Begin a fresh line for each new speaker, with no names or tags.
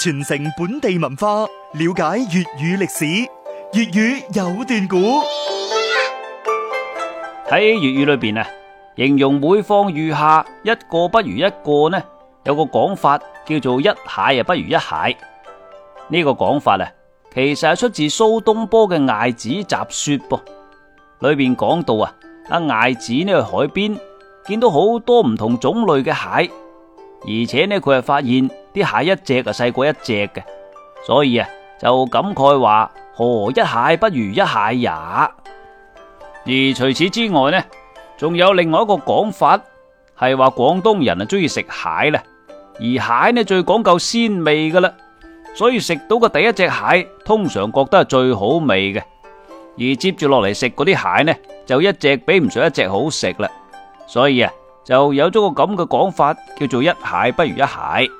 傳承本地文化，了解粵語歷史。粵語
有段古
喺粵語裏邊啊，形容每況愈下，一個不如一個呢。有個講法叫做一蟹啊不如一蟹。呢個講法啊，其實係出自蘇東坡嘅《艾子雜說》噃。裏邊講到啊，阿艾子呢去海邊見到好多唔同種類嘅蟹，而且呢佢係發現。啲蟹一隻啊，細過一隻嘅，所以啊，就感慨話何一蟹不如一蟹也。而除此之外呢，仲有另外一個講法，係話廣東人啊，中意食蟹啦。而蟹呢，最講究鮮味噶啦，所以食到嘅第一隻蟹，通常覺得係最好味嘅。而接住落嚟食嗰啲蟹呢，就一隻比唔上一隻好食啦。所以啊，就有咗個咁嘅講法，叫做一蟹不如一蟹。